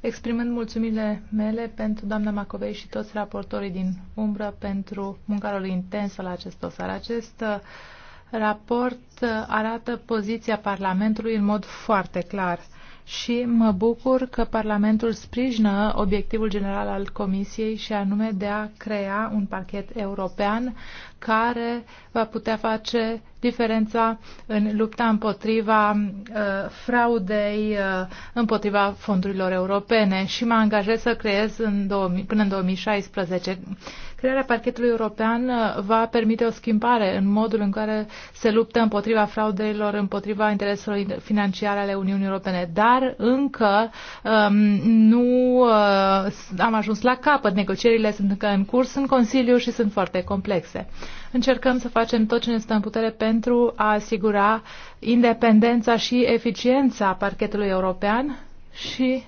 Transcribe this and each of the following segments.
exprimând mulțumirile mele pentru doamna Macovei și toți raportorii din umbră pentru munca lor intensă la acest dosar. Acest uh, raport uh, arată poziția Parlamentului în mod foarte clar și mă bucur că Parlamentul sprijină obiectivul general al Comisiei și anume de a crea un pachet european care va putea face diferența în lupta împotriva uh, fraudei, uh, împotriva fondurilor europene și mă angajez să creez în 2000, până în 2016 Crearea parchetului european uh, va permite o schimbare în modul în care se luptă împotriva fraudelor, împotriva intereselor financiare ale Uniunii Europene, dar încă um, nu uh, am ajuns la capăt. Negocierile sunt încă în curs în Consiliu și sunt foarte complexe. Încercăm să facem tot ce ne stă în putere pentru a asigura independența și eficiența parchetului european și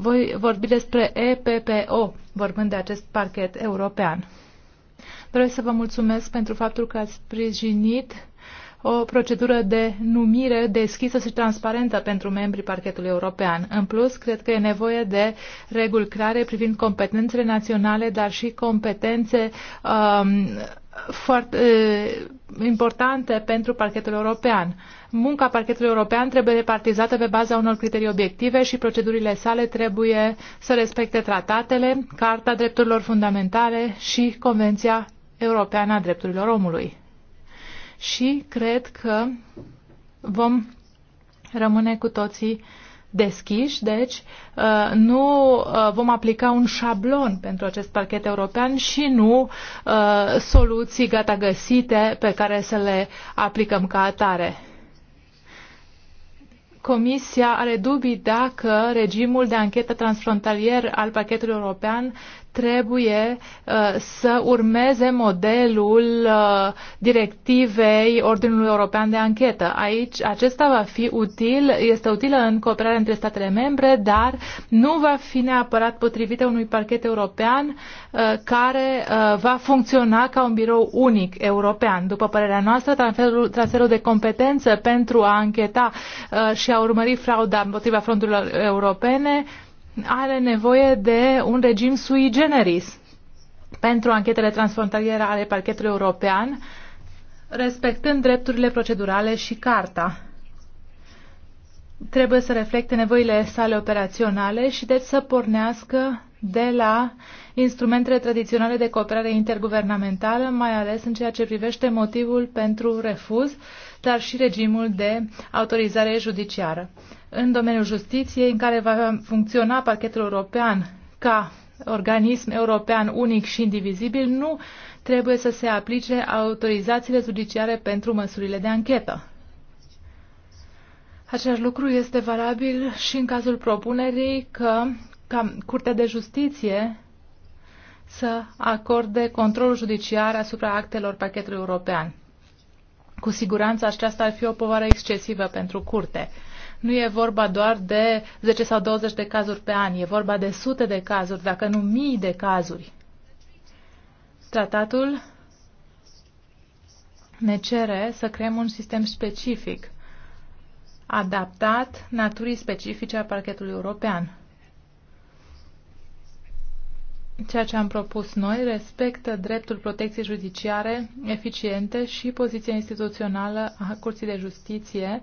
voi vorbi despre EPPO, vorbând de acest parchet european. Doresc să vă mulțumesc pentru faptul că ați sprijinit o procedură de numire deschisă și transparentă pentru membrii parchetului european. În plus, cred că e nevoie de reguli clare privind competențele naționale, dar și competențe um, foarte uh, importante pentru parchetul european. Uh, Munca parchetului european trebuie repartizată pe baza unor criterii obiective și procedurile sale trebuie să respecte tratatele, Carta Drepturilor Fundamentale și Convenția Europeană a Drepturilor Omului. Și cred că vom rămâne cu toții deschiși, deci uh, nu uh, vom aplica un șablon pentru acest parchet european și nu uh, soluții gata găsite pe care să le aplicăm ca atare. Comisia are dubii dacă regimul de anchetă transfrontalier al pachetului european trebuie uh, să urmeze modelul uh, directivei Ordinului European de Anchetă. Aici acesta va fi util, este utilă în cooperare între statele membre, dar nu va fi neapărat potrivită unui parchet european uh, care va funcționa ca un birou unic european. După părerea noastră, transferul, transferul de competență pentru a ancheta și a urmări frauda împotriva fondurilor europene are nevoie de un regim sui generis pentru anchetele transfrontaliere ale parchetului european, respectând drepturile procedurale și carta. Trebuie să reflecte nevoile sale operaționale și deci să pornească de la instrumentele tradiționale de cooperare interguvernamentală, mai ales în ceea ce privește motivul pentru refuz, dar și regimul de autorizare judiciară în domeniul justiției, în care va funcționa parchetul european ca organism european unic și indivizibil, nu trebuie să se aplice autorizațiile judiciare pentru măsurile de anchetă. Același lucru este valabil și în cazul propunerii că ca Curtea de Justiție să acorde controlul judiciar asupra actelor pachetului european. Cu siguranță aceasta ar fi o povară excesivă pentru curte. Nu e vorba doar de 10 sau 20 de cazuri pe an, e vorba de sute de cazuri, dacă nu mii de cazuri. Tratatul ne cere să creăm un sistem specific, adaptat naturii specifice a parchetului european. Ceea ce am propus noi respectă dreptul protecției judiciare eficiente și poziția instituțională a Curții de Justiție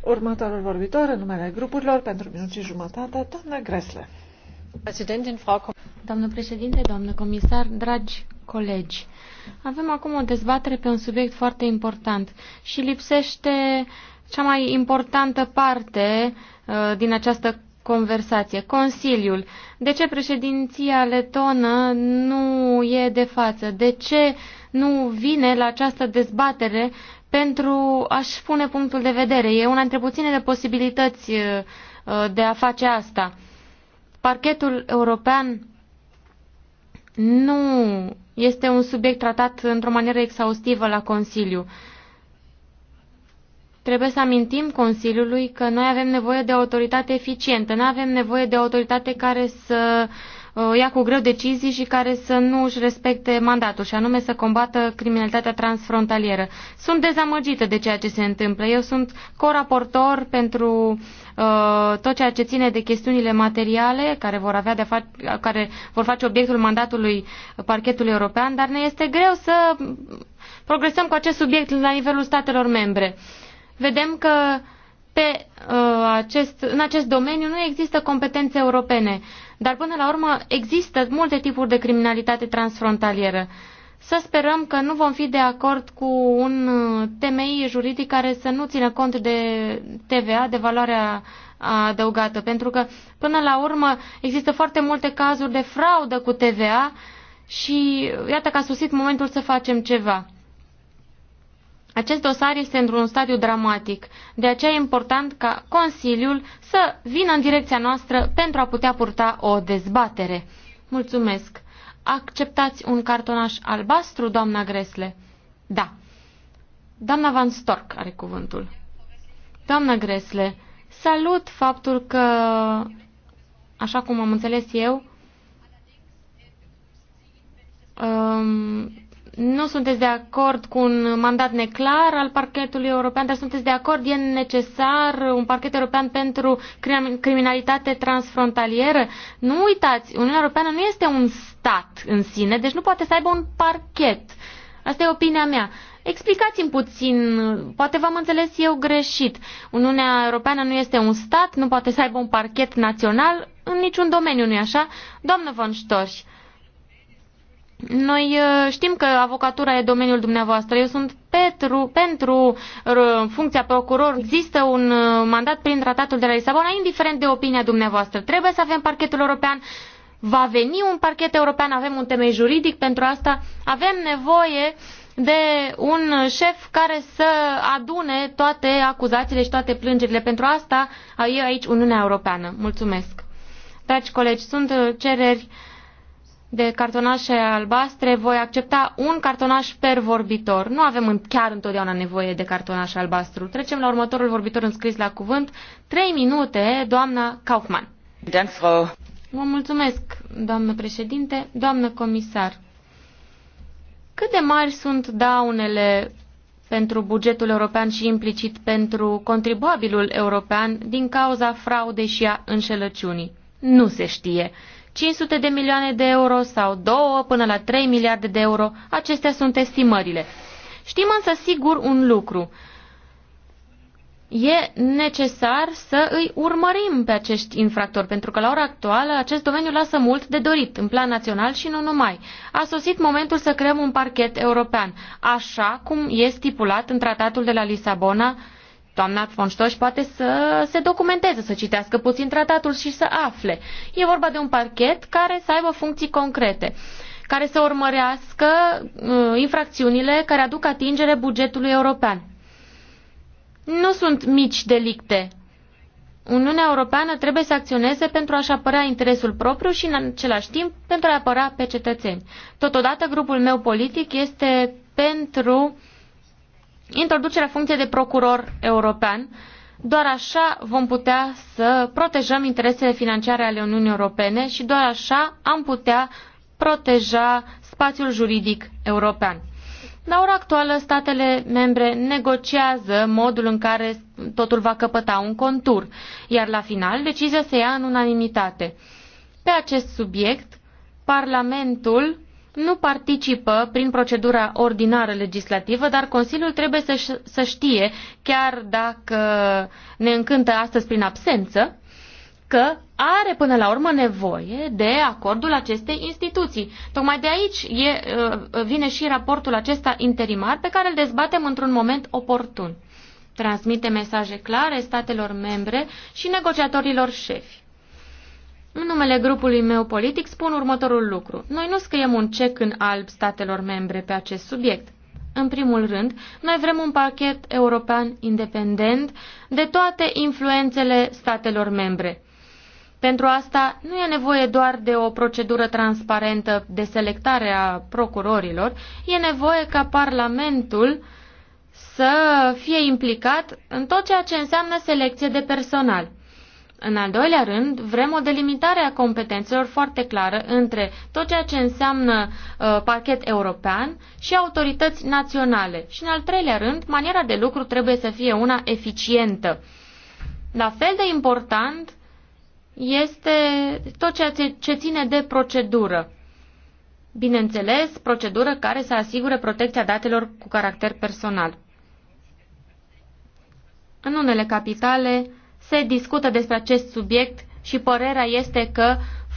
următorul vorbitor în numele grupurilor pentru un minut și jumătate doamna grle. doamnă președinte doamnă comisar dragi colegi avem acum o dezbatere pe un subiect foarte important și lipsește cea mai importantă parte uh, din această conversație. Consiliul, de ce președinția letonă nu e de față? De ce nu vine la această dezbatere pentru a-și pune punctul de vedere? E una dintre puținele posibilități uh, uh, de a face asta. Parchetul european nu este un subiect tratat într-o manieră exhaustivă la Consiliu. Trebuie să amintim Consiliului că noi avem nevoie de autoritate eficientă, nu avem nevoie de autoritate care să uh, ia cu greu decizii și care să nu își respecte mandatul, și anume să combată criminalitatea transfrontalieră. Sunt dezamăgită de ceea ce se întâmplă. Eu sunt coraportor pentru uh, tot ceea ce ține de chestiunile materiale care vor, avea de care vor face obiectul mandatului parchetului european, dar ne este greu să progresăm cu acest subiect la nivelul statelor membre. Uh, vedem că pe uh, acest, în acest domeniu nu există competențe europene, dar până la urmă există multe tipuri de criminalitate transfrontalieră. Să sperăm că nu vom fi de acord cu un temei juridic care să nu țină cont de TVA, de valoarea adăugată, pentru că până la urmă există foarte multe cazuri de fraudă cu TVA și iată că a susit momentul să facem ceva. Acest dosar este într-un stadiu dramatic, de aceea e important ca Consiliul să vină în direcția noastră pentru a putea purta o dezbatere. Mulțumesc. Acceptați un cartonaș albastru, doamna Gresle? Da. Doamna Van Stork are cuvântul. Doamna Gresle, salut faptul că, așa cum am înțeles eu, um, nu sunteți de acord cu un mandat neclar al parchetului european, dar sunteți de acord, e necesar un parchet european pentru criminalitate transfrontalieră? Nu uitați, Uniunea Europeană nu este un stat în sine, deci nu poate să aibă un parchet. Asta e opinia mea. Explicați-mi puțin, poate v-am înțeles eu greșit. Uniunea Europeană nu este un stat, nu poate să aibă un parchet național în niciun domeniu, nu-i așa? Doamnă von Storch, noi uh, știm că avocatura e domeniul dumneavoastră. Eu sunt Petru, pentru uh, funcția procuror. Există un uh, mandat prin tratatul de la Lisabona, indiferent de opinia dumneavoastră. Trebuie să avem parchetul european. Va veni un parchet european, avem un temei juridic pentru asta. Avem nevoie de un șef care să adune toate acuzațiile și toate plângerile. Pentru asta e aici Uniunea Europeană. Mulțumesc. Dragi colegi, sunt cereri de cartonașe albastre, voi accepta un cartonaș per vorbitor. Nu avem chiar întotdeauna nevoie de cartonaș albastru. Trecem la următorul vorbitor înscris la cuvânt. Trei minute, doamna Kaufmann. Vă mulțumesc, doamnă președinte, doamnă comisar. Cât de mari sunt daunele pentru bugetul european și implicit pentru contribuabilul european din cauza fraudei și a înșelăciunii? Nu se știe. 500 de milioane de euro sau 2 până la 3 miliarde de euro. Acestea sunt estimările. Știm însă sigur un lucru. E necesar să îi urmărim pe acești infractori, pentru că la ora actuală acest domeniu lasă mult de dorit, în plan național și nu numai. A sosit momentul să creăm un parchet european, așa cum e stipulat în tratatul de la Lisabona, doamna von Stoș poate să se documenteze, să citească puțin tratatul și să afle. E vorba de un parchet care să aibă funcții concrete care să urmărească uh, infracțiunile care aduc atingere bugetului european. Nu sunt mici delicte. Uniunea Europeană trebuie să acționeze pentru a-și apăra interesul propriu și, în același timp, pentru a apăra pe cetățeni. Totodată, grupul meu politic este pentru introducerea funcției de procuror european. Doar așa vom putea să protejăm interesele financiare ale Uniunii Europene și doar așa am putea proteja spațiul juridic european. La ora actuală, statele membre negociază modul în care totul va căpăta un contur, iar la final decizia se ia în unanimitate. Pe acest subiect, Parlamentul nu participă prin procedura ordinară legislativă, dar Consiliul trebuie să, să știe, chiar dacă ne încântă astăzi prin absență, că are până la urmă nevoie de acordul acestei instituții. Tocmai de aici e, uh, vine și raportul acesta interimar pe care îl dezbatem într-un moment oportun. Transmite mesaje clare statelor membre și negociatorilor șefi în numele grupului meu politic spun următorul lucru. Noi nu scriem un cec în alb statelor membre pe acest subiect. În primul rând, noi vrem un pachet european independent de toate influențele statelor membre. Pentru asta nu e nevoie doar de o procedură transparentă de selectare a procurorilor, e nevoie ca Parlamentul să fie implicat în tot ceea ce înseamnă selecție de personal. În al doilea rând, vrem o delimitare a competențelor foarte clară între tot ceea ce înseamnă uh, parchet european și autorități naționale. Și în al treilea rând, maniera de lucru trebuie să fie una eficientă. La fel de important este tot ceea ce, ce ține de procedură. Bineînțeles, procedură care să asigure protecția datelor cu caracter personal. În unele capitale, se discută despre acest subiect și părerea este că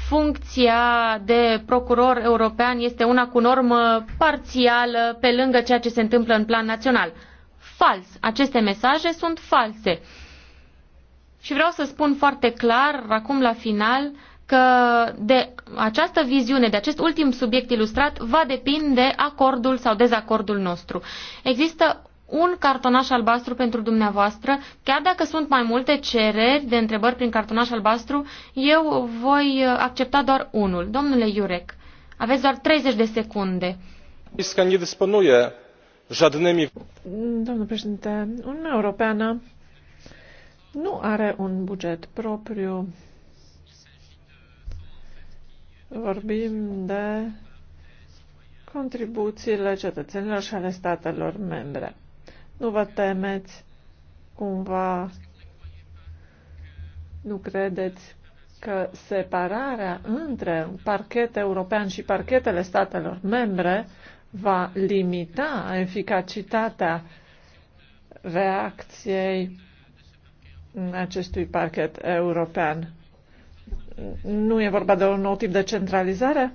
funcția de procuror european este una cu normă parțială pe lângă ceea ce se întâmplă în plan național. Fals. Aceste mesaje sunt false. Și vreau să spun foarte clar, acum la final, că de această viziune, de acest ultim subiect ilustrat, va depinde acordul sau dezacordul nostru. Există un cartonaș albastru pentru dumneavoastră. Chiar dacă sunt mai multe cereri de întrebări prin cartonaș albastru, eu voi uh, accepta doar unul. Domnule Iurec, aveți doar 30 de secunde. nu dysponuje jadnemi. Domnul președinte, Uniunea Europeană nu are un buget propriu. Vorbim de contribuțiile cetățenilor și ale statelor membre. Nu vă temeți cumva, nu credeți că separarea între parchet european și parchetele statelor membre va limita eficacitatea reacției acestui parchet european. Nu e vorba de un nou tip de centralizare?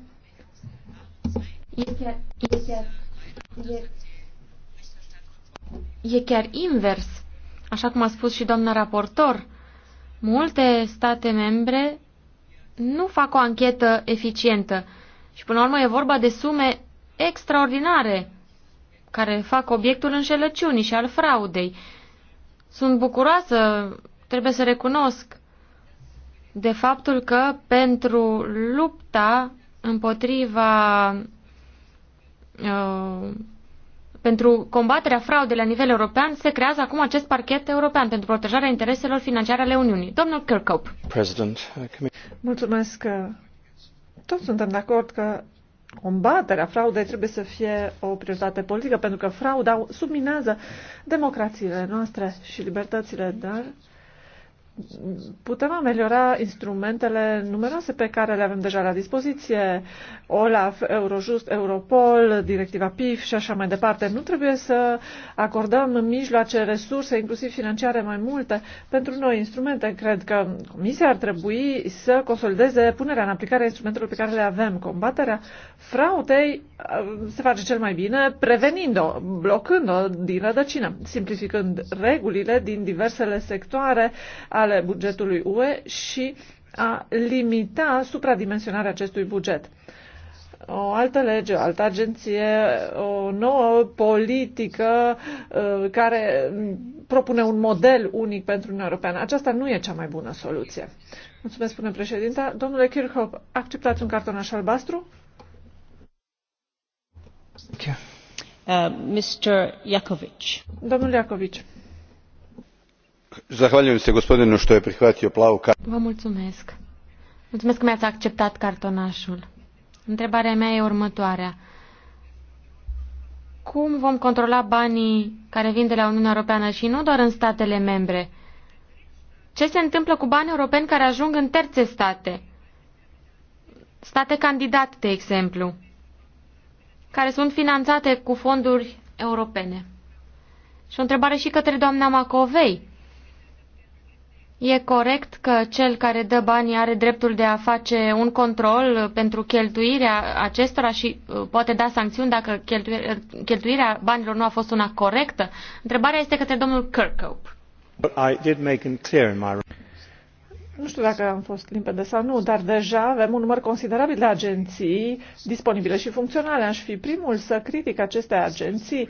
E chiar, e chiar, e e chiar invers. Așa cum a spus și doamna raportor, multe state membre nu fac o anchetă eficientă și până la urmă e vorba de sume extraordinare care fac obiectul înșelăciunii și al fraudei. Sunt bucuroasă, trebuie să recunosc, de faptul că pentru lupta împotriva uh, pentru combaterea fraudei la nivel european se creează acum acest parchet european pentru protejarea intereselor financiare ale Uniunii. Domnul Kirkhope. Uh, Mulțumesc. Toți suntem de acord că combaterea fraudei trebuie să fie o prioritate politică, pentru că frauda subminează democrațiile noastre și libertățile, dar putem ameliora instrumentele numeroase pe care le avem deja la dispoziție, OLAF, Eurojust, Europol, Directiva PIF și așa mai departe. Nu trebuie să acordăm mijloace, resurse, inclusiv financiare mai multe pentru noi instrumente. Cred că Comisia ar trebui să consolideze punerea în aplicare a instrumentelor pe care le avem. Combaterea fraudei uh, se face cel mai bine prevenind-o, blocând-o din rădăcină, simplificând regulile din diversele sectoare al ale bugetului UE și a limita supradimensionarea acestui buget. O altă lege, o altă agenție, o nouă politică uh, care propune un model unic pentru Uniunea Europeană. Aceasta nu e cea mai bună soluție. Mulțumesc, spune președinta. Domnule Kirchhoff, acceptați un cartonaș albastru? Uh, Mr. Iacovici. Domnul Iacovici zahvaljujem se gospodinu što je prihvatio plavu kartu. Vă mulțumesc. Mulțumesc că mi-ați acceptat cartonașul. Întrebarea mea e următoarea. Cum vom controla banii care vin de la Uniunea Europeană și nu doar în statele membre? Ce se întâmplă cu banii europeni care ajung în terțe state? State candidat, de exemplu, care sunt finanțate cu fonduri europene. Și o întrebare și către doamna Macovei. E corect că cel care dă banii are dreptul de a face un control pentru cheltuirea acestora și uh, poate da sancțiuni dacă uh, cheltuirea banilor nu a fost una corectă? Întrebarea este către domnul Kirkhope. Nu știu dacă am fost limpede sau nu, dar deja avem un număr considerabil de agenții disponibile și funcționale. Aș fi primul să critic aceste agenții uh,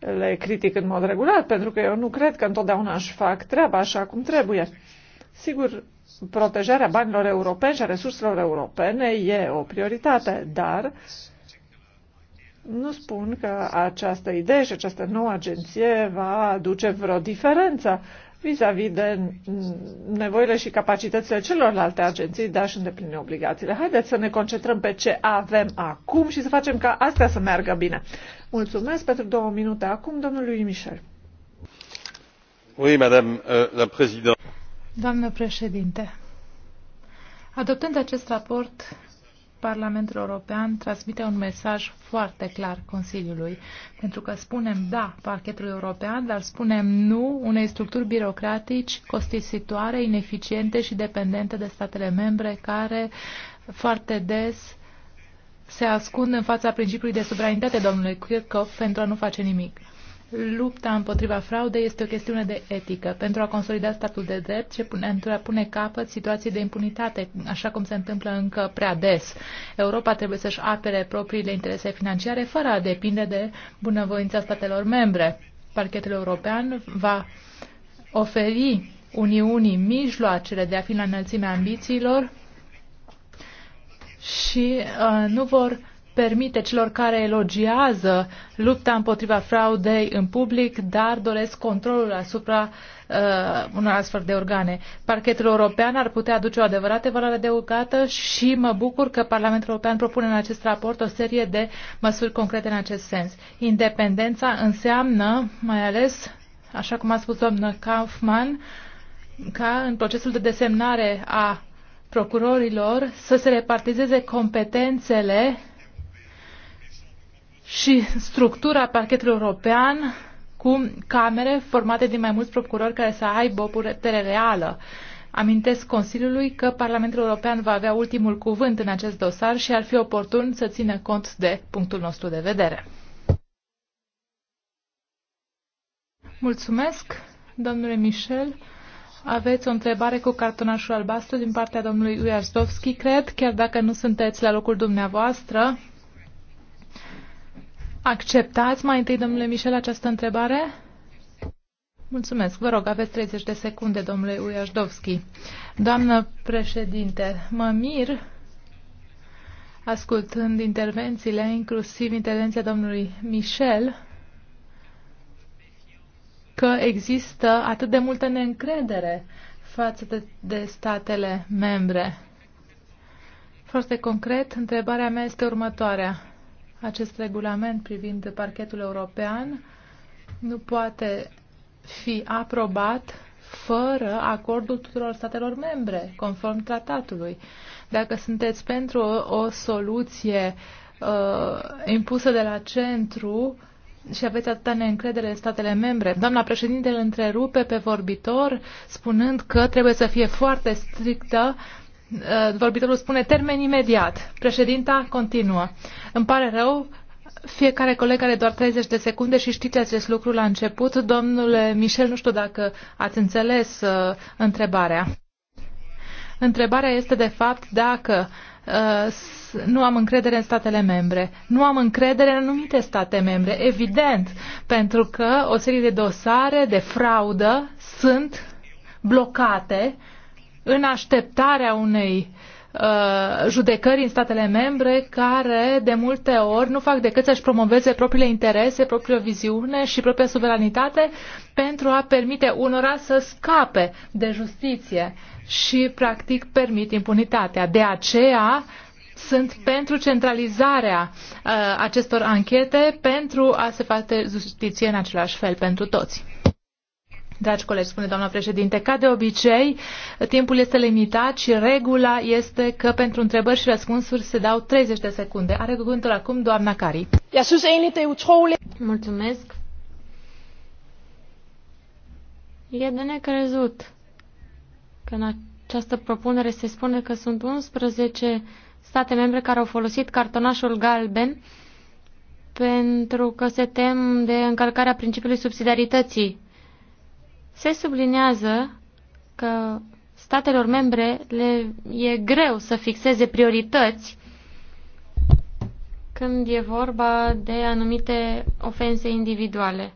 le critic în mod regulat, pentru că eu nu cred că întotdeauna își fac treaba așa cum trebuie. Sigur, protejarea banilor europeni și a resurselor europene e o prioritate, dar nu spun că această idee și această nouă agenție va aduce vreo diferență vis-a-vis -vis de nevoile și capacitățile celorlalte agenții de da, a-și îndeplini obligațiile. Haideți să ne concentrăm pe ce avem acum și să facem ca astea să meargă bine. Mulțumesc pentru două minute acum domnului Michel. Oui, madame euh, la Doamnă președinte, adoptând acest raport, Parlamentul European transmite un mesaj foarte clar Consiliului, pentru că spunem da parchetului european, dar spunem nu unei structuri birocratici costisitoare, ineficiente și dependente de statele membre, care foarte des se ascund în fața principiului de suveranitate, domnule Kirchhoff, pentru a nu face nimic. Lupta împotriva fraudei este o chestiune de etică. Pentru a consolida statul de drept și pentru a pune capăt situației de impunitate, așa cum se întâmplă încă prea des, Europa trebuie să-și apere propriile interese financiare fără a depinde de bunăvoința statelor membre. Parchetul european va oferi Uniunii mijloacele de a fi la înălțimea ambițiilor și uh, nu vor permite celor care elogiază lupta împotriva fraudei în public, dar doresc controlul asupra uh, unor astfel de organe. Parchetul european ar putea aduce o adevărată valoare adăugată și mă bucur că Parlamentul European propune în acest raport o serie de măsuri concrete în acest sens. Independența înseamnă, mai ales, așa cum a spus domnul Kaufmann, ca în procesul de desemnare a procurorilor să se repartizeze competențele și structura parchetului european cu camere formate din mai mulți procurori care să aibă o putere reală. Amintesc Consiliului că Parlamentul European va avea ultimul cuvânt în acest dosar și ar fi oportun să țină cont de punctul nostru de vedere. Mulțumesc, domnule Michel. Aveți o întrebare cu cartonașul albastru din partea domnului Ujazdovski, cred, chiar dacă nu sunteți la locul dumneavoastră. Acceptați mai întâi, domnule Michel, această întrebare? Mulțumesc. Vă rog, aveți 30 de secunde, domnule Uiașdovski. Doamnă președinte, mă mir ascultând intervențiile, inclusiv intervenția domnului Michel, că există atât de multă neîncredere față de, de statele membre. Foarte concret, întrebarea mea este următoarea. Acest regulament privind parchetul european nu poate fi aprobat fără acordul tuturor statelor membre, conform tratatului. Dacă sunteți pentru o, o soluție uh, impusă de la centru și aveți atâta neîncredere în statele membre, doamna președinte îl întrerupe pe vorbitor spunând că trebuie să fie foarte strictă Uh, vorbitorul spune termen imediat. Președinta continuă. Îmi pare rău, fiecare coleg are doar 30 de secunde și știți acest lucru la început. Domnule Michel, nu știu dacă ați înțeles uh, întrebarea. Întrebarea este, de fapt, dacă uh, nu am încredere în statele membre. Nu am încredere în anumite state membre, evident, pentru că o serie de dosare de fraudă sunt blocate uh, în așteptarea unei uh, judecări în statele membre care de multe ori nu fac decât să-și promoveze propriile interese, propria viziune și propria suveranitate pentru a permite unora să scape de justiție și practic permit impunitatea. De aceea sunt pentru centralizarea uh, acestor anchete pentru a se face justiție în același fel pentru toți. Dragi colegi, spune doamna președinte, ca de obicei, timpul este limitat și regula este că pentru întrebări și răspunsuri se dau 30 de secunde. Are cuvântul acum doamna Cari. Er Mulțumesc. E de necrezut că în această propunere se spune că sunt 11 state membre care au folosit cartonașul galben pentru că se tem de încălcarea principiului subsidiarității se sublinează că statelor membre le e greu să fixeze priorități când e vorba de anumite ofense individuale.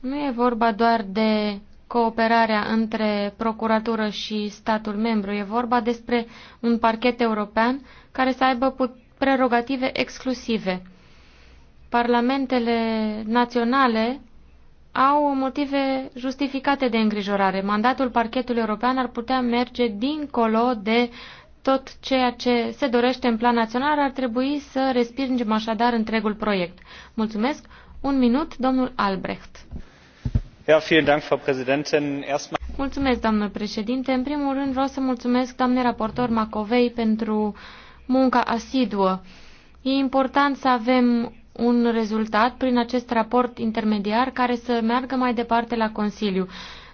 Nu e vorba doar de cooperarea între procuratură și statul membru, e vorba despre un parchet european care să aibă prerogative exclusive. Parlamentele naționale au motive justificate de îngrijorare. Mandatul parchetului european ar putea merge dincolo de tot ceea ce se dorește în plan național, ar trebui să respingem așadar întregul proiect. Mulțumesc. Un minut, domnul Albrecht. Ja, vielen Dank, Frau Präsidentin. Erstmal Mulțumesc, doamnă președinte. În primul rând vreau să mulțumesc doamnei raportor Macovei pentru munca asiduă. E important să avem un rezultat prin acest raport intermediar care să meargă mai departe la Consiliu.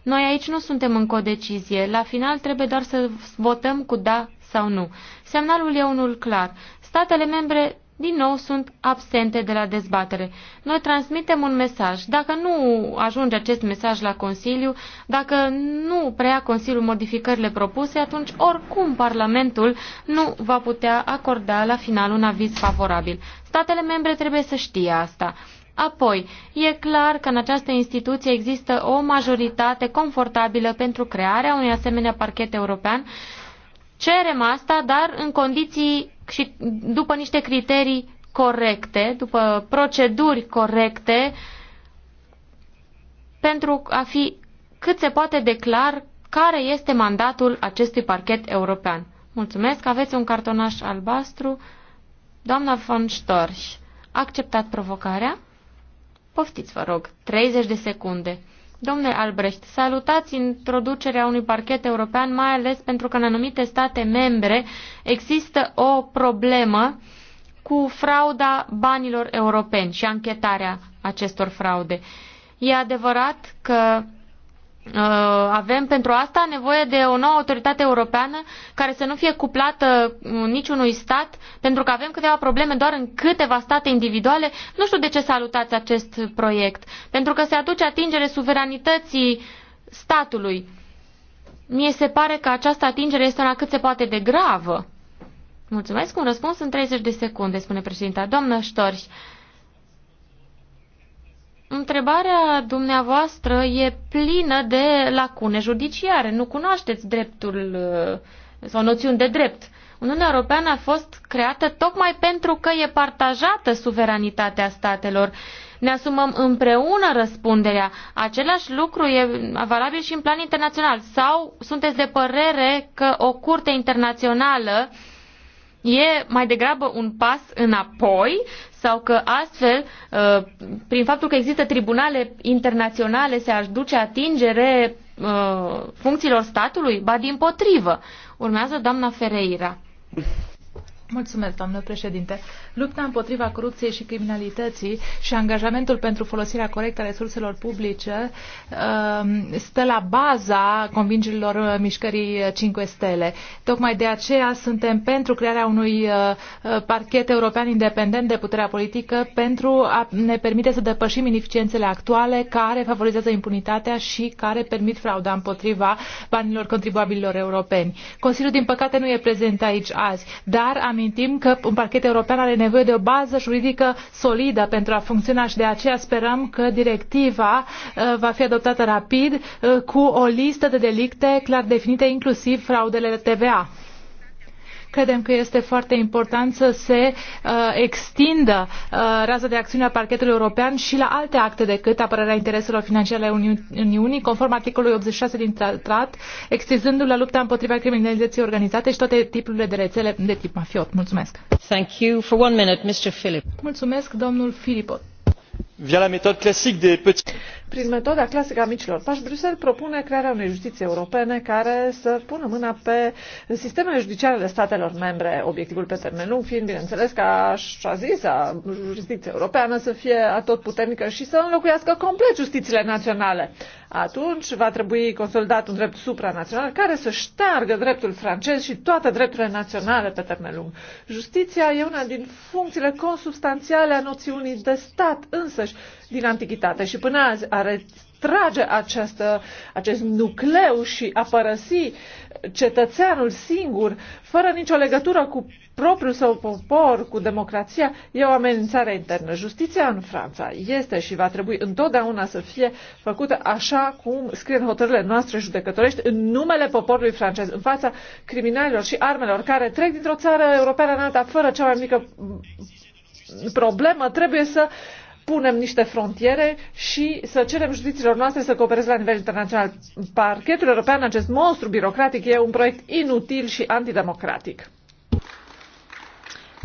Noi aici nu suntem în codecizie. La final trebuie doar să votăm cu da sau nu. Semnalul e unul clar. Statele membre din nou sunt absente de la dezbatere. Noi transmitem un mesaj. Dacă nu ajunge acest mesaj la Consiliu, dacă nu preia Consiliul modificările propuse, atunci oricum Parlamentul nu va putea acorda la final un aviz favorabil. Statele membre trebuie să știe asta. Apoi, e clar că în această instituție există o majoritate confortabilă pentru crearea unui asemenea parchet european. Cerem asta, dar în condiții și după niște criterii corecte, după proceduri corecte, pentru a fi cât se poate declar care este mandatul acestui parchet european. Mulțumesc, aveți un cartonaș albastru. Doamna von Storch, acceptat provocarea? Poftiți, vă rog, 30 de secunde. Domnule Albrecht, salutați introducerea unui parchet european, mai ales pentru că în anumite state membre există o problemă cu frauda banilor europeni și anchetarea acestor fraude. E adevărat că Uh, avem pentru asta nevoie de o nouă autoritate europeană care să nu fie cuplată uh, niciunui stat, pentru că avem câteva probleme doar în câteva state individuale. Nu știu de ce salutați acest proiect, pentru că se aduce atingere suveranității statului. Mie se pare că această atingere este una cât se poate de gravă. Mulțumesc. Un răspuns în 30 de secunde, spune președinta. Doamnă Ștorș, Întrebarea dumneavoastră e plină de lacune judiciare. Nu cunoașteți dreptul uh, sau noțiuni de drept. Uniunea Europeană a fost creată tocmai pentru că e partajată suveranitatea statelor. Ne asumăm împreună răspunderea. Același lucru e valabil și în plan internațional. Sau sunteți de părere că o curte internațională uh, e mai degrabă un pas înapoi sau că astfel, uh, prin faptul că există tribunale internaționale, se duce atingere uh, funcțiilor statului? Ba din potrivă. Urmează doamna Ferreira. Mulțumesc, doamnă președinte. Lupta împotriva corupției și criminalității și angajamentul pentru folosirea corectă a resurselor publice um, stă la baza convingerilor uh, mișcării 5 uh, stele. Tocmai de aceea suntem pentru crearea unui uh, parchet european independent de puterea politică pentru a ne permite să depășim ineficiențele actuale care favorizează impunitatea și care permit frauda împotriva banilor contribuabililor europeni. Consiliul, din păcate, nu e prezent aici azi, dar am amintim că un parchet european are nevoie de o bază juridică solidă pentru a funcționa și de aceea sperăm că directiva uh, va fi adoptată rapid uh, cu o listă de delicte clar definite, inclusiv fraudele TVA. Credem că este foarte important să se uh, extindă uh, raza de acțiune a parchetului european și la alte acte decât apărarea intereselor financiare ale Uniunii, conform articolului 86 din tratat, extinzându l la lupta împotriva criminalității organizate și toate tipurile de rețele de tip mafiot. Mulțumesc. Thank you. For one minute, Mr. Philip. Mulțumesc, domnul Filipot via la Prin metoda clasică a micilor pași, Bruxelles propune crearea unei justiții europene care să pună mâna pe sistemele judiciare ale statelor membre, obiectivul pe termen lung fiind, bineînțeles, ca așa zis, a justiția europeană să fie atotputernică și să înlocuiască complet justițiile naționale. Atunci va trebui consolidat un drept supranațional care să șteargă dreptul francez și toate drepturile naționale pe termen lung. Justiția e una din funcțiile consubstanțiale a noțiunii de stat, însă iarăși din antichitate și până azi a retrage această, acest nucleu și a părăsi cetățeanul singur, fără nicio legătură cu propriul său popor, cu democrația, e o amenințare internă. Justiția în Franța este și va trebui întotdeauna să fie făcută așa cum scrie în hotărârile noastre judecătorești, în numele poporului francez, în fața criminalilor și armelor care trec dintr-o țară europeană în alta fără cea mai mică problemă, trebuie să uh, punem niște frontiere și să cerem judiților noastre să coopereze la nivel internațional. Parchetul european, acest monstru birocratic, e un proiect inutil și antidemocratic.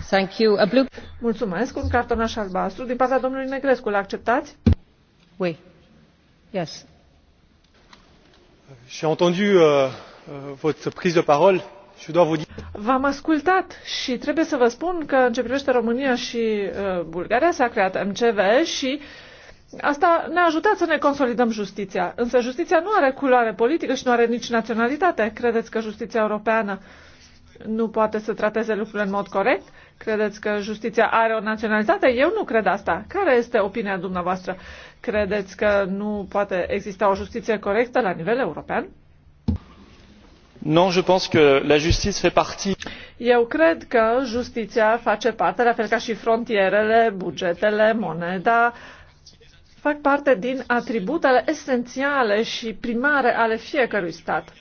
Thank you. A blue... Mulțumesc. Un cartonaș albastru din partea domnului Negrescu. L acceptați? Oui. Yes. J'ai entendu uh, votre prise de parole V-am ascultat și trebuie să vă spun că în ce privește România și uh, Bulgaria s-a creat MCV și asta ne-a ajutat să ne consolidăm justiția. Însă justiția nu are culoare politică și nu are nici naționalitate. Credeți că justiția europeană nu poate să trateze lucrurile în mod corect? Credeți că justiția are o naționalitate? Eu nu cred asta. Care este opinia dumneavoastră? Credeți că nu poate exista o justiție corectă la nivel european? Eu cred că justiția face parte, la fel ca și frontierele, bugetele, moneda, fac parte din atributele esențiale și primare ale fiecărui stat.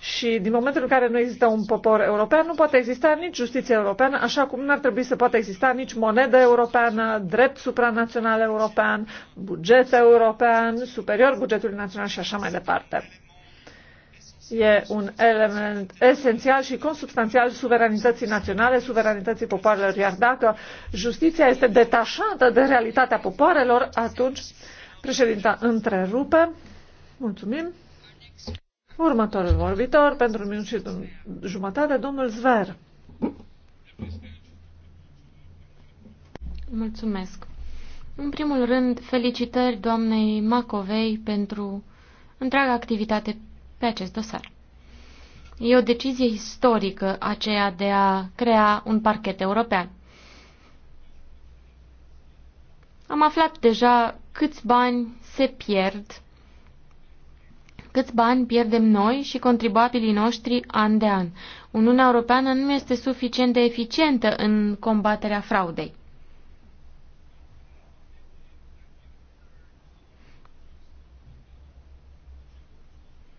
Și din momentul în care nu există un popor european, nu poate exista nici justiție europeană, așa cum nu ar trebui să poată exista nici monedă europeană, drept supranațional european, buget european, superior bugetului național și așa mai departe e un element esențial și consubstanțial suveranității naționale, suveranității popoarelor. Iar dacă justiția este detașată de realitatea popoarelor, atunci președinta întrerupe. Mulțumim. Următorul vorbitor, pentru un minut și jumătate, domnul Zver. Mulțumesc. În primul rând, felicitări doamnei Macovei pentru întreaga activitate pe acest dosar. E o decizie istorică aceea de a crea un parchet european. Am aflat deja câți bani se pierd, câți bani pierdem noi și contribuabilii noștri an de an. Uniunea Europeană nu este suficient de eficientă în combaterea fraudei.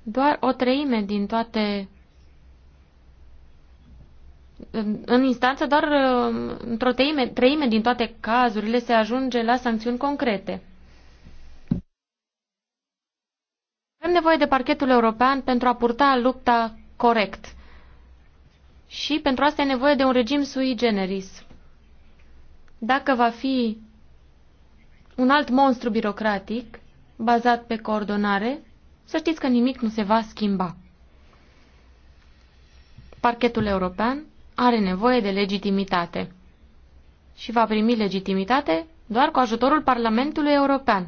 Doar o treime din toate în instanță doar uh, într-o treime, treime din toate cazurile se ajunge la sancțiuni concrete. Avem nevoie de parchetul european pentru a purta lupta corect. Și pentru asta e nevoie de un regim sui generis. Dacă va fi un alt monstru birocratic, bazat pe coordonare, să știți că nimic nu se va schimba. Parchetul european are nevoie de legitimitate și va primi legitimitate doar cu ajutorul Parlamentului European.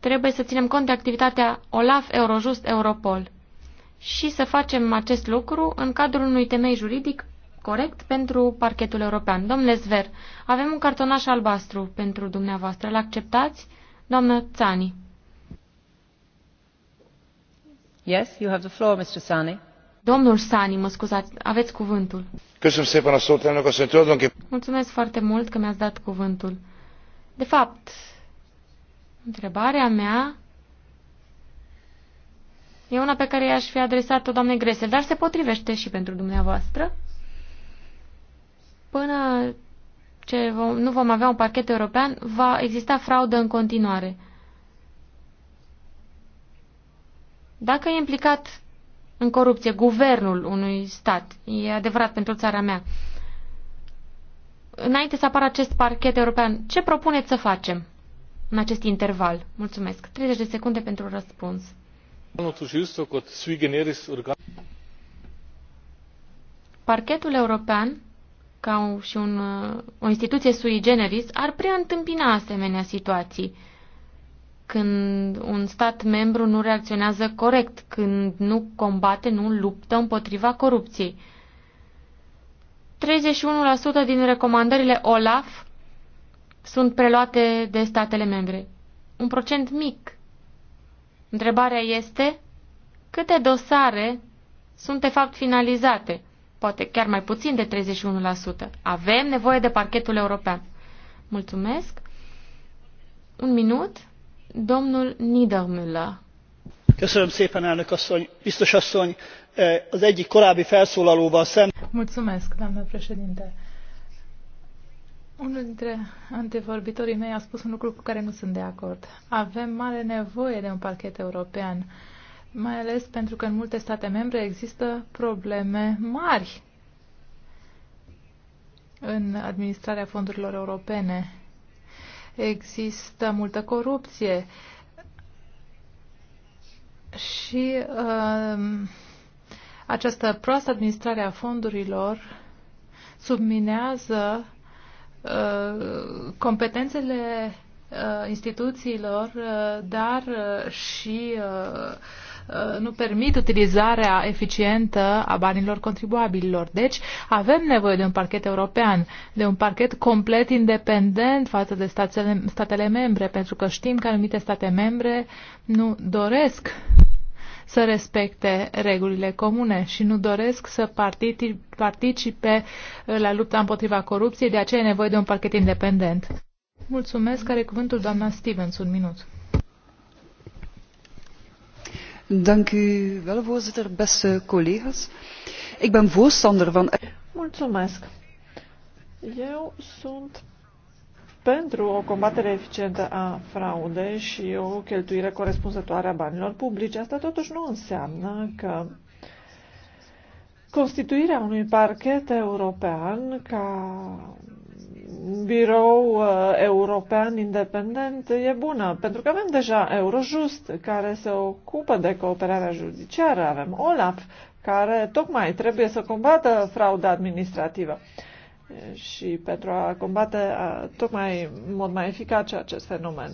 Trebuie să ținem cont de activitatea OLAF Eurojust Europol și să facem acest lucru în cadrul unui temei juridic corect pentru parchetul european. Domnule Zver, avem un cartonaș albastru pentru dumneavoastră. L acceptați? Doamnă Țani. Yes, you have the floor, Mr. Sani. Domnul Sani, mă scuzați, aveți cuvântul. Mulțumesc foarte mult că mi-ați dat cuvântul. De fapt, întrebarea mea e una pe care i-aș fi adresat-o doamnei Gresel, dar se potrivește și pentru dumneavoastră. Până ce vom, nu vom avea un parchet european, va exista fraudă în continuare. Dacă e implicat în corupție guvernul unui stat, e adevărat pentru țara mea, înainte să apară acest parchet european, ce propuneți să facem în acest interval? Mulțumesc. 30 de secunde pentru răspuns. Parchetul european ca și un, o instituție sui generis, ar prea întâmpina asemenea situații. Când un stat membru nu reacționează corect, când nu combate, nu luptă împotriva corupției. 31% din recomandările OLAF sunt preluate de statele membre. Un procent mic. Întrebarea este câte dosare sunt de fapt finalizate poate chiar mai puțin de 31%. Avem nevoie de parchetul european. Mulțumesc. Un minut. Domnul Niedermüller. Köszönöm szépen, elnök asszony, biztos asszony, eh, az egyik korábbi felszólalóval szem. Mulțumesc, doamnă președinte. Unul dintre antevorbitorii mei a spus un lucru cu care nu sunt de acord. Avem mare nevoie de un parchet european mai ales pentru că în multe state membre există probleme mari în administrarea fondurilor europene. Există multă corupție și uh, această proastă administrare a fondurilor subminează uh, competențele uh, instituțiilor, uh, dar uh, și uh, Uh, nu permit utilizarea eficientă a banilor contribuabililor. Deci avem nevoie de un parchet european, de un parchet complet independent față de statele, statele membre, pentru că știm că anumite state membre nu doresc să respecte regulile comune și nu doresc să participe la lupta împotriva corupției, de aceea e nevoie de un parchet independent. Mulțumesc, are cuvântul doamna Stevens, un minut voorzitter, beste collega's. Ik ben voorstander van... Mulțumesc. Eu sunt pentru o combatere eficientă a fraudei și o cheltuire corespunzătoare a banilor publici. Asta totuși nu înseamnă că constituirea unui parchet european ca birou uh, european independent e bună, pentru că avem deja Eurojust, care se ocupă de cooperarea judiciară, avem OLAF, care tocmai trebuie să combată frauda administrativă și pentru a combate a, tocmai în mod mai eficace acest fenomen.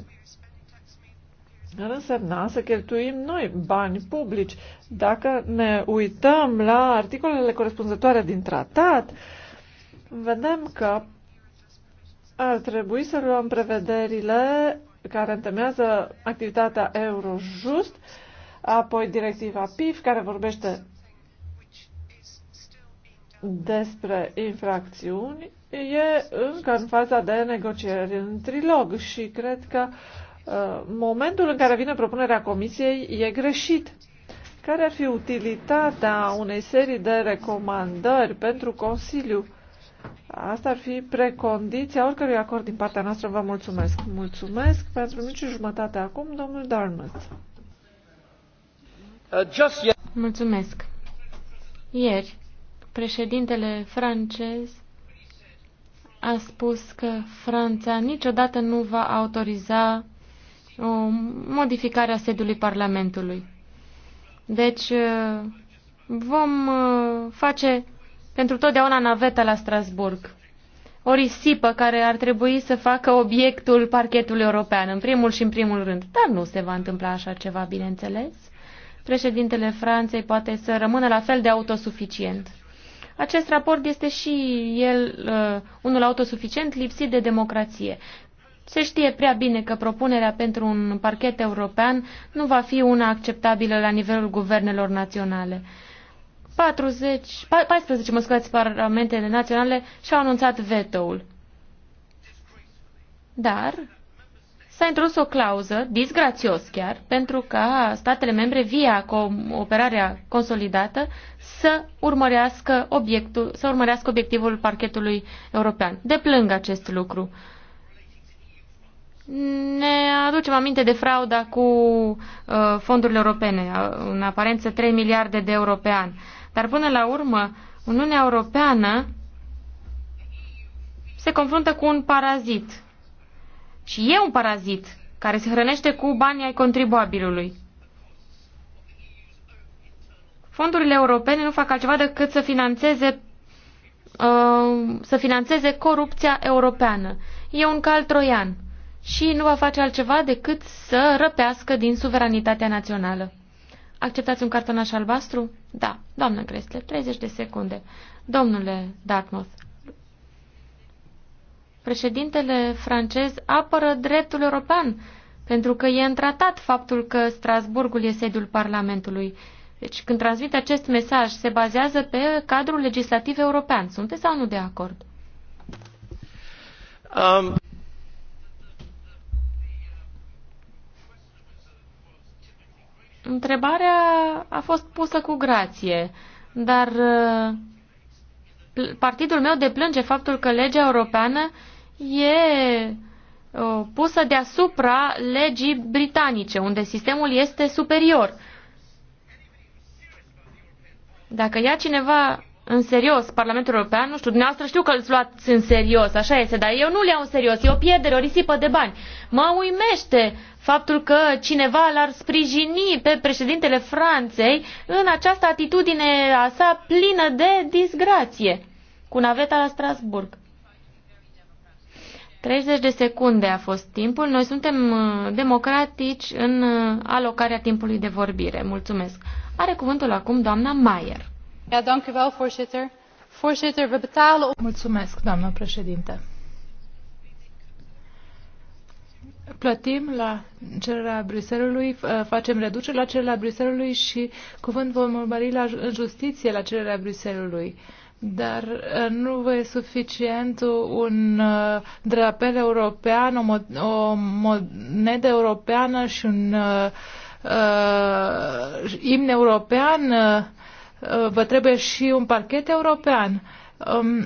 Ar însemna să cheltuim noi bani publici. Dacă ne uităm la articolele corespunzătoare din tratat, vedem că ar trebui să luăm prevederile care întemeiază activitatea Eurojust, apoi directiva PIF care vorbește despre infracțiuni, e încă în faza de negocieri în trilog și cred că uh, momentul în care vine propunerea comisiei e greșit. Care ar fi utilitatea unei serii de recomandări pentru Consiliu? Asta ar fi precondiția oricărui acord din partea noastră. Vă mulțumesc. Mulțumesc pentru nici jumătate acum, domnul Darmouth. Uh, mulțumesc. Ieri, președintele francez a spus că Franța niciodată nu va autoriza o modificare a sediului Parlamentului. Deci uh, vom uh, face pentru totdeauna naveta la Strasburg. O risipă care ar trebui să facă obiectul parchetului european, în primul și în primul rând. Dar nu se va întâmpla așa ceva, bineînțeles. Președintele Franței poate să rămână la fel de autosuficient. Acest raport este și el uh, unul autosuficient, lipsit de democrație. Se știe prea bine că propunerea pentru un parchet european nu va fi una acceptabilă la nivelul guvernelor naționale. 40, 14 măscați parlamentele naționale și-au anunțat vetoul. Dar s-a introdus o clauză, disgrațios chiar, pentru ca statele membre, via operarea consolidată, să urmărească, obiectul, să urmărească obiectivul parchetului european. Deplâng acest lucru. Ne aducem aminte de frauda cu uh, fondurile europene, uh, în aparență 3 miliarde de euro pe an. Uh, dar până la urmă, Uniunea Europeană se confruntă cu un parazit. Și e un parazit care se hrănește cu banii ai contribuabilului. Fondurile europene nu fac altceva decât să financeze uh, să financeze corupția europeană. E un cal troian și nu va face altceva decât să răpească din suveranitatea națională. Acceptați un cartonaș albastru? Da, doamnă Gresler, 30 de secunde. Domnule Dartmouth, președintele francez apără dreptul european, pentru că e în tratat faptul că Strasburgul e sediul Parlamentului. Deci când transmit acest mesaj, se bazează pe cadrul legislativ european. Sunteți sau nu de acord? Um... Întrebarea a fost pusă cu grație, dar uh, partidul meu deplânge faptul că legea europeană e uh, pusă deasupra legii britanice, unde sistemul este superior. Dacă ia cineva în serios Parlamentul European, nu știu, dumneavoastră știu că îl luați în serios, așa este, dar eu nu-l iau în serios, e o pierdere, o risipă de bani. Mă uimește faptul că cineva l-ar sprijini pe președintele Franței în această atitudine a sa plină de disgrație cu naveta la Strasburg. 30 de secunde a fost timpul. Noi suntem uh, democratici în uh, alocarea timpului de vorbire. Mulțumesc. Are cuvântul acum doamna Maier. Mulțumesc, doamnă președinte. Plătim la cererea Bruxelles, facem reduceri la cererea Bruxelles și cuvânt vom urmări la, în justiție la cererea Bruxelles. Dar eh, nu vă e suficient un eh, drapel european, o, o monedă europeană și un uh, imn european? Uh, Uh, vă trebuie și un parchet european. Um,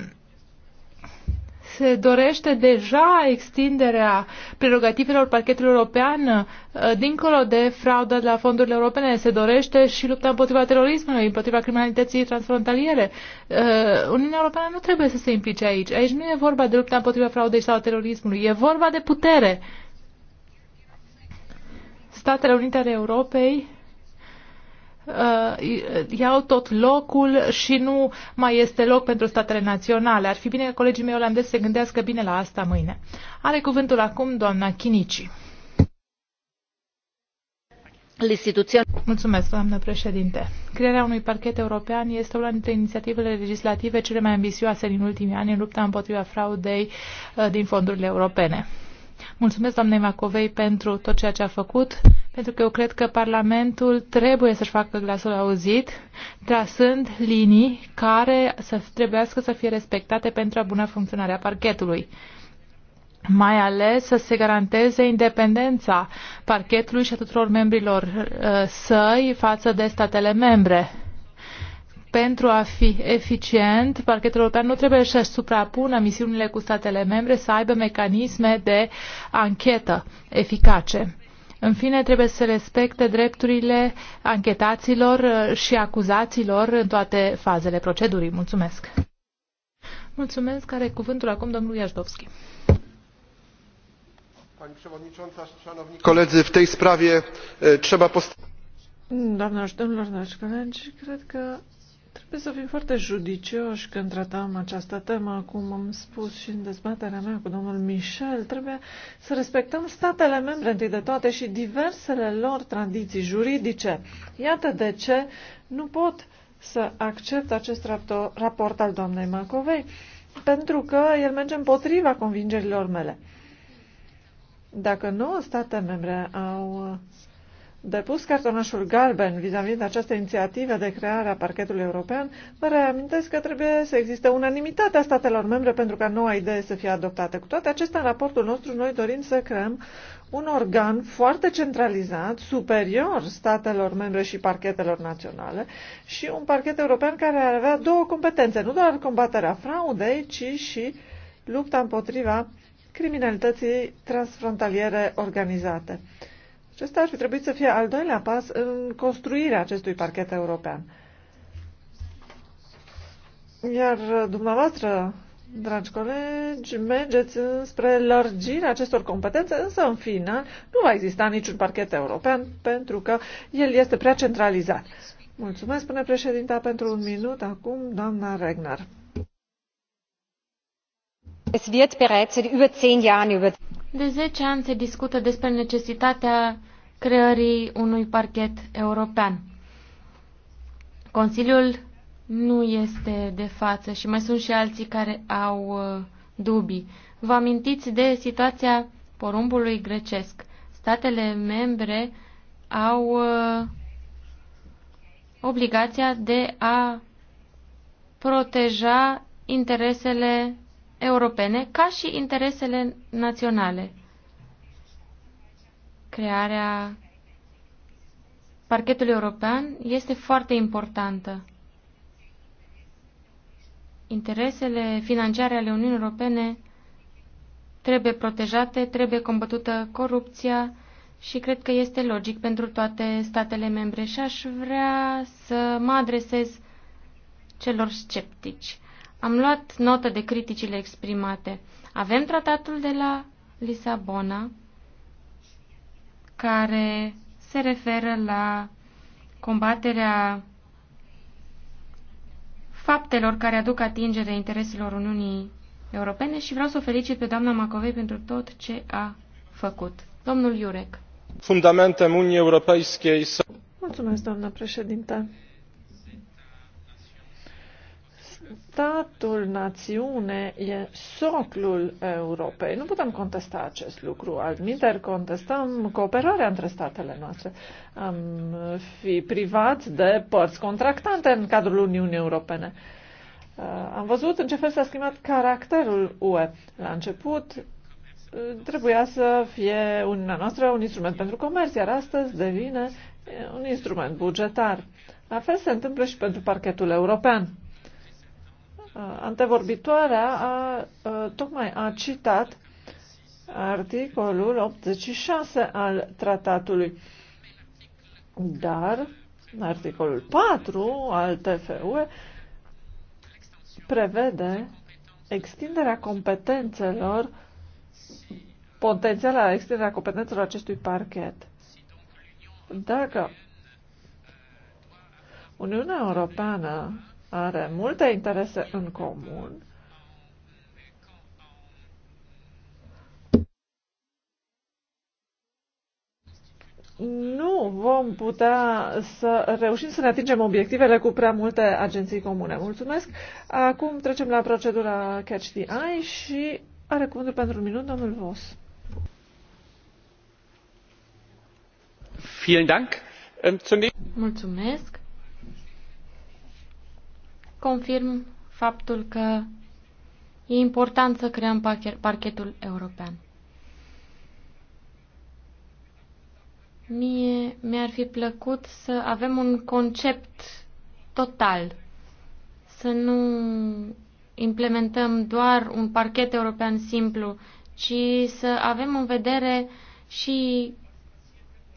se dorește deja extinderea prerogativelor parchetului european uh, dincolo de frauda de la fondurile europene. Se dorește și lupta împotriva terorismului, împotriva criminalității transfrontaliere. Uh, Uniunea Europeană nu trebuie să se implice aici. Aici nu e vorba de lupta împotriva fraudei sau terorismului. E vorba de putere. Statele Unite ale Europei Uh, iau tot locul și nu mai este loc pentru statele naționale. Ar fi bine că colegii mei olandezi se gândească bine la asta mâine. Are cuvântul acum doamna Chinici. Mulțumesc, doamnă președinte. Crearea unui parchet european este una dintre inițiativele legislative cele mai ambițioase din ultimii ani în lupta împotriva fraudei uh, din fondurile europene. Mulțumesc doamnei Macovei pentru tot ceea ce a făcut, pentru că eu cred că Parlamentul trebuie să-și facă glasul auzit, trasând linii care să trebuiască să fie respectate pentru a bună funcționarea parchetului mai ales să se garanteze independența parchetului și a tuturor membrilor uh, săi față de statele membre pentru a fi eficient, parchetul european nu trebuie să-și suprapună misiunile cu statele membre, să aibă mecanisme de anchetă eficace. În fine, trebuie să respecte drepturile anchetaților uh, și acuzaților în toate fazele procedurii. Mulțumesc! Mulțumesc. Are cuvântul acum domnul Iașdowski. Pani în szanowni koledzy, w tej sprawie trzeba postawić. Doamnelor și domnilor, dragi colegi, cred că Trebuie să fim foarte judicioși când tratăm această temă, cum am spus și în dezbaterea mea cu domnul Michel. Trebuie să respectăm statele membre întâi de toate și diversele lor tradiții juridice. Iată de ce nu pot să accept acest raport al doamnei Macovei, pentru că el merge împotriva convingerilor mele. Dacă nouă state membre au depus cartonașul galben vis-a-vis -vis de această inițiativă de creare a parchetului european, vă reamintesc că trebuie să existe unanimitatea statelor membre pentru ca noua idee să fie adoptată. Cu toate acestea, în raportul nostru, noi dorim să creăm un organ foarte centralizat, superior statelor membre și parchetelor naționale și un parchet european care ar avea două competențe, nu doar combaterea fraudei, ci și lupta împotriva criminalității transfrontaliere organizate. Acesta ar fi trebuit să fie al doilea pas în construirea acestui parchet european. Iar dumneavoastră, dragi colegi, mergeți spre lărgirea acestor competențe, însă în final nu va exista niciun parchet european pentru că el este prea centralizat. Mulțumesc, spune președinta, pentru un minut. Acum, doamna Regner. Es wird bereits über zehn Jahren über de 10 ani se discută despre necesitatea creării unui parchet european. Consiliul nu este de față și mai sunt și alții care au uh, dubii. Vă amintiți de situația porumbului grecesc. Statele membre au uh, obligația de a proteja interesele europene ca și interesele naționale. Crearea parchetului european este foarte importantă. Interesele financiare ale Uniunii Europene trebuie protejate, trebuie combătută corupția și cred că este logic pentru toate statele membre și aș vrea să mă adresez celor sceptici. Am luat notă de criticile exprimate. Avem tratatul de la Lisabona, care se referă la combaterea faptelor care aduc atingere intereselor Uniunii Europene și vreau să o felicit pe doamna Macovei pentru tot ce a făcut. Domnul Iurec. Fundamentem Uniunii Europeiske. Mulțumesc, doamna președinte. statul națiune e soclul Europei. Nu putem contesta acest lucru. Admiter contestăm cooperarea între statele noastre. Am fi privați de părți contractante în cadrul Uniunii Europene. Uh, am văzut în ce fel s-a schimbat caracterul UE. La început uh, trebuia să fie Uniunea noastră un instrument pentru comerț, iar astăzi devine un instrument bugetar. La fel se întâmplă și pentru parchetul european. Uh, antevorbitoarea a, uh, tocmai a citat articolul 86 al tratatului, dar articolul 4 al TFUE prevede extinderea competențelor, potențiala extinderea competențelor acestui parchet. Dacă Uniunea Europeană are multe interese în comun. nu vom putea să reușim să ne atingem obiectivele cu prea multe agenții comune. Mulțumesc. Acum trecem la procedura Catch the Eye și are cuvântul pentru un minut domnul Vos. Ähm, Mulțumesc confirm faptul că e important să creăm parchetul european. Mie mi-ar fi plăcut să avem un concept total, să nu implementăm doar un parchet european simplu, ci să avem în vedere și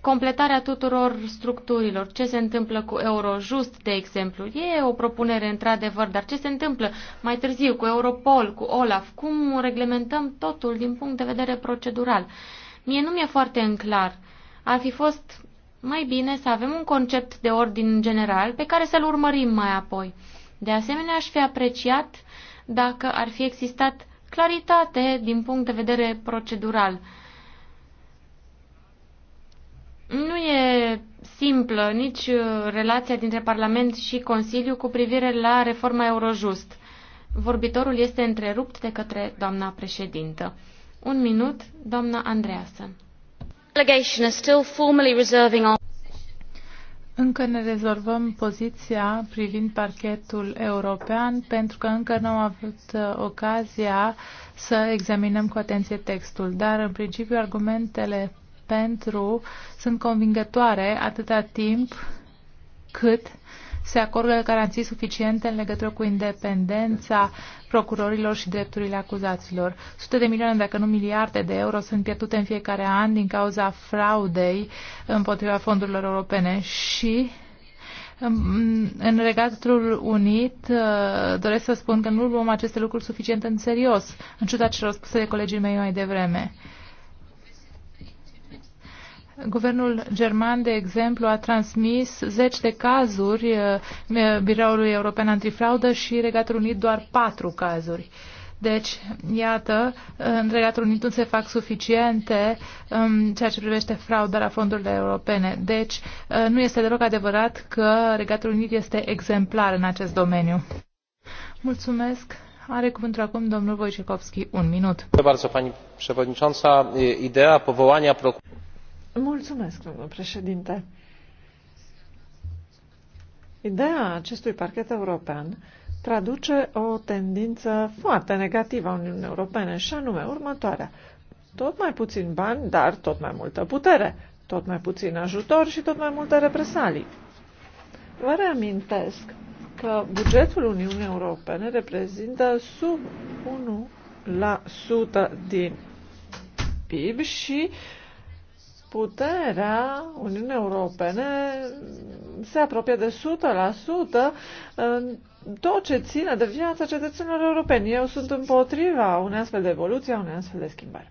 completarea tuturor structurilor. Ce se întâmplă cu Eurojust, de exemplu? E o propunere într-adevăr, dar ce se întâmplă mai târziu cu Europol, cu Olaf? Cum reglementăm totul din punct de vedere procedural? Mie nu mi-e foarte în clar. Ar fi fost mai bine să avem un concept de ordin general pe care să-l urmărim mai apoi. De asemenea, aș fi apreciat dacă ar fi existat claritate din punct de vedere procedural nu e simplă nici uh, relația dintre Parlament și Consiliu cu privire la reforma Eurojust. Vorbitorul este întrerupt de către doamna președintă. Un minut, doamna Andreasă. Încă ne rezolvăm poziția privind parchetul european pentru că încă nu am avut uh, ocazia să examinăm cu atenție textul, dar în principiu argumentele pentru sunt convingătoare atâta timp cât se acordă garanții suficiente în legătură cu independența procurorilor și drepturile acuzaților. Sute de milioane, dacă nu miliarde de euro sunt pierdute în fiecare an din cauza fraudei împotriva fondurilor europene și în Regatul Unit uh, doresc să spun că nu luăm aceste lucruri suficient în serios, în ciuda celor spuse de colegii mei mai devreme. Guvernul german, de exemplu, a transmis zeci de cazuri eh, Biroului European Antifraudă și Regatul Unit doar patru cazuri. Deci, iată, în Regatul Unit nu se fac suficiente în um, ceea ce privește frauda la fondurile europene. Deci, eh, nu este deloc adevărat că Regatul Unit este exemplar în acest domeniu. Mulțumesc. Are cuvântul acum domnul Wojciechowski. Un minut. Bardzo, pani przewodnicząca. Idea powołania Mulțumesc, domnul președinte. Ideea acestui parchet european traduce o tendință foarte negativă a Uniunii Europene și anume următoarea. Tot mai puțin bani, dar tot mai multă putere, tot mai puțin ajutor și tot mai multe represalii. Vă reamintesc că bugetul Uniunii Europene reprezintă sub 1% din PIB și uh, puterea Uniunii Europene se apropie de 100% tot ce ține de viața cetățenilor europeni. Eu sunt împotriva unei astfel de evoluție, a unei astfel de schimbări.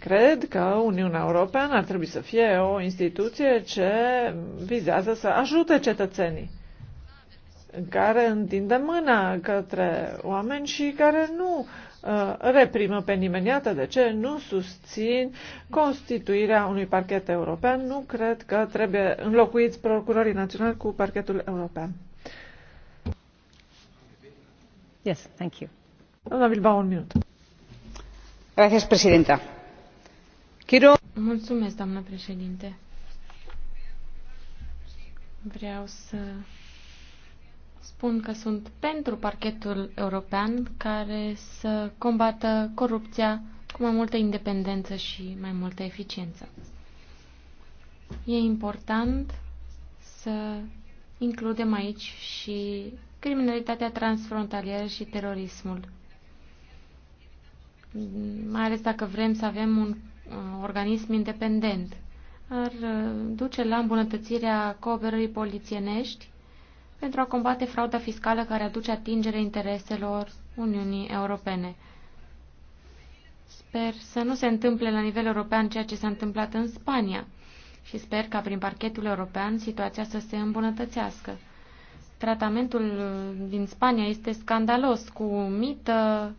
Cred că Uniunea Europeană ar trebui să fie o instituție ce vizează să ajute cetățenii, care întinde mâna către oameni și care nu uh, Uh, reprimă pe nimeni. Iată de ce nu susțin constituirea unui parchet european. Nu cred că trebuie înlocuiți procurorii naționali cu parchetul european. Yes, thank you. Doamna Bilbao, un minut. Gracias, presidenta. Quiero... Mulțumesc, doamnă președinte. Vreau să spun că sunt pentru parchetul european care să combată corupția cu mai multă independență și mai multă eficiență. E important să includem aici și criminalitatea transfrontalieră și terorismul. Mai ales dacă vrem să avem un uh, organism independent. Ar uh, duce la îmbunătățirea cooperării polițienești pentru a combate frauda fiscală care aduce atingere intereselor Uniunii Europene. Sper să nu se întâmple la nivel european ceea ce s-a întâmplat în Spania și sper ca prin parchetul european situația să se îmbunătățească. Tratamentul din Spania este scandalos, cu mită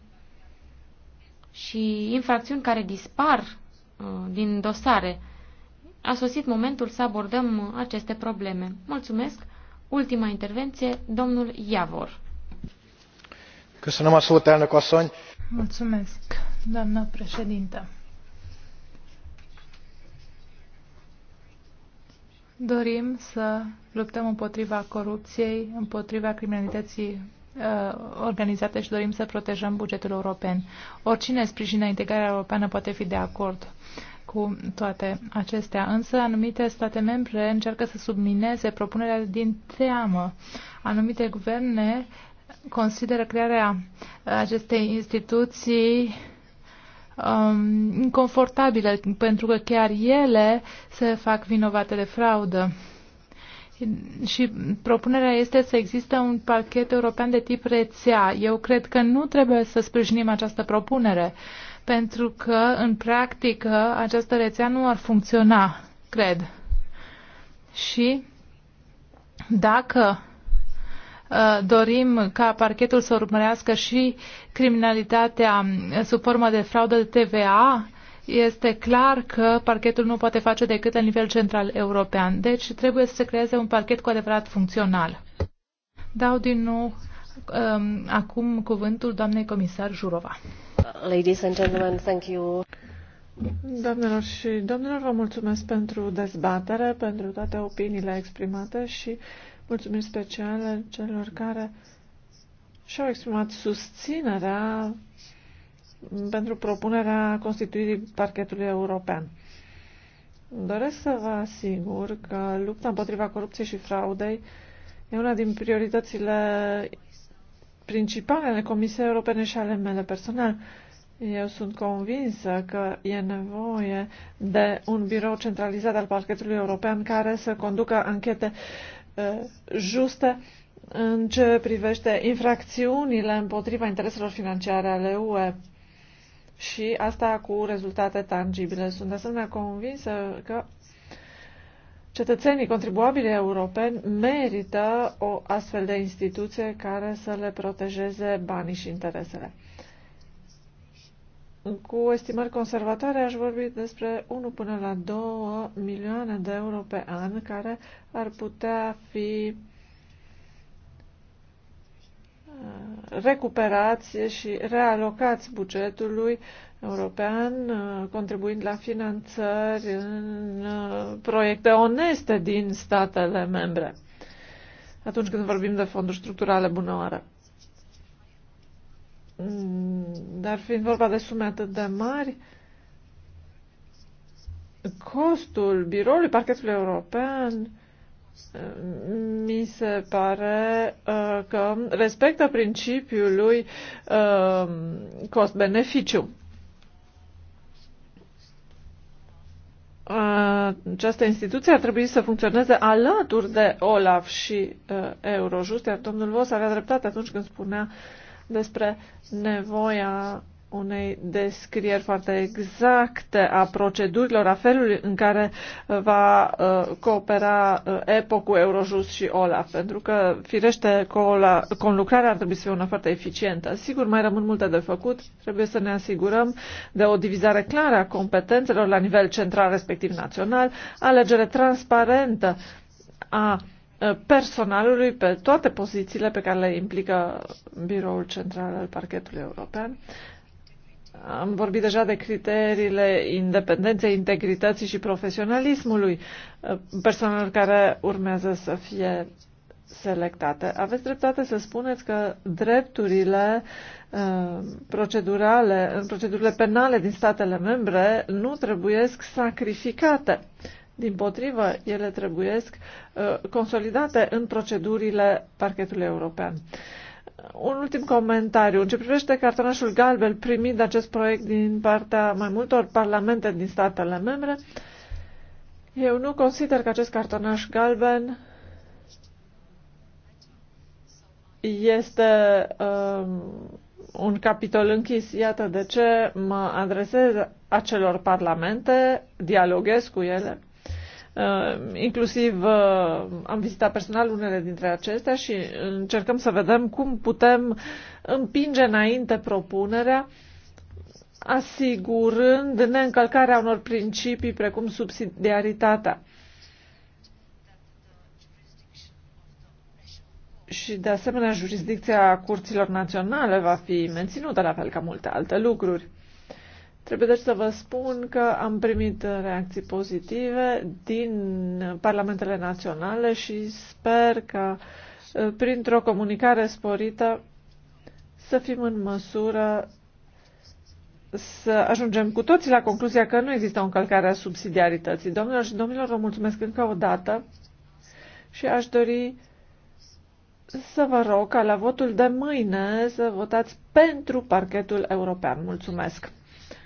și infracțiuni care dispar uh, din dosare. A sosit momentul să abordăm aceste probleme. Mulțumesc! Ultima intervenție, domnul Iavor. Mulțumesc, doamna președintă. Dorim să luptăm împotriva corupției, împotriva criminalității uh, organizate și dorim să protejăm bugetul european. Oricine sprijină integrarea europeană poate fi de acord cu toate acestea. Însă anumite state membre încearcă să submineze propunerea din teamă. Anumite guverne consideră crearea acestei instituții um, inconfortabile pentru că chiar ele se fac vinovate de fraudă și propunerea este să existe un pachet european de tip rețea. Eu cred că nu trebuie să sprijinim această propunere, pentru că, în practică, această rețea nu ar funcționa, cred. Și dacă uh, dorim ca parchetul să urmărească și criminalitatea uh, sub formă de fraudă de TVA, este clar că parchetul nu poate face decât la nivel central european. Deci trebuie să se creeze un parchet cu adevărat funcțional. Dau din nou um, acum cuvântul doamnei comisar Jurova. Ladies and gentlemen, thank you. Doamnelor și domnilor, vă mulțumesc pentru dezbatere, pentru toate opiniile exprimate și mulțumesc speciale celor care și-au exprimat susținerea pentru propunerea constituirii parchetului european. Doresc să vă asigur că lupta împotriva corupției și fraudei e una din prioritățile principale ale Comisiei Europene și ale mele personal. Eu sunt convinsă că e nevoie de un birou centralizat al parchetului european care să conducă anchete juste în ce privește infracțiunile împotriva intereselor financiare ale UE și asta cu rezultate tangibile. Sunt de asemenea convinsă că cetățenii contribuabili europeni merită o astfel de instituție care să le protejeze banii și interesele. Cu estimări conservatoare aș vorbi despre 1 până la 2 milioane de euro pe an care ar putea fi recuperați și realocați bugetului european, uh, contribuind la finanțări în uh, proiecte oneste din statele membre. Atunci când vorbim de fonduri structurale, bună oară. Mm, dar fiind vorba de sume atât de mari, costul biroului parchetului european mi se pare uh, că respectă principiul lui uh, cost-beneficiu. Uh, această instituție ar trebui să funcționeze alături de Olaf și uh, Eurojust, iar domnul Vos avea dreptate atunci când spunea despre nevoia unei descrieri foarte exacte a procedurilor, a felului în care uh, va uh, coopera uh, EPO cu Eurojust și OLAF, pentru că, firește, conlucrarea ar trebui să fie una foarte eficientă. Sigur, mai rămân multe de făcut, trebuie să ne asigurăm de o divizare clară a competențelor la nivel central, respectiv național, alegere transparentă a personalului pe toate pozițiile pe care le implică Biroul Central al Parchetului European am vorbit deja de criteriile independenței, integrității și profesionalismului uh, personal care urmează să fie selectate. Aveți dreptate să spuneți că drepturile uh, procedurale, procedurile penale din statele membre nu trebuiesc sacrificate. Din potrivă, ele trebuiesc uh, consolidate în procedurile parchetului european. Uh, un ultim comentariu. În ce privește cartonașul galben primit de acest proiect din partea mai multor parlamente din statele membre, eu nu consider că acest cartonaș galben este um, un capitol închis. Iată de ce mă adresez acelor parlamente, dialoguez cu ele Uh, inclusiv uh, am vizitat personal unele dintre acestea și încercăm să vedem cum putem împinge înainte propunerea asigurând neîncălcarea unor principii precum subsidiaritatea. Și, de asemenea, jurisdicția curților naționale va fi menținută, la fel ca multe alte lucruri. Trebuie deci să vă spun că am primit reacții pozitive din parlamentele naționale și sper că printr-o comunicare sporită să fim în măsură să ajungem cu toții la concluzia că nu există o încălcare a subsidiarității. Domnilor și domnilor, vă mulțumesc încă o dată și aș dori să vă rog ca la votul de mâine să votați pentru parchetul european. Mulțumesc!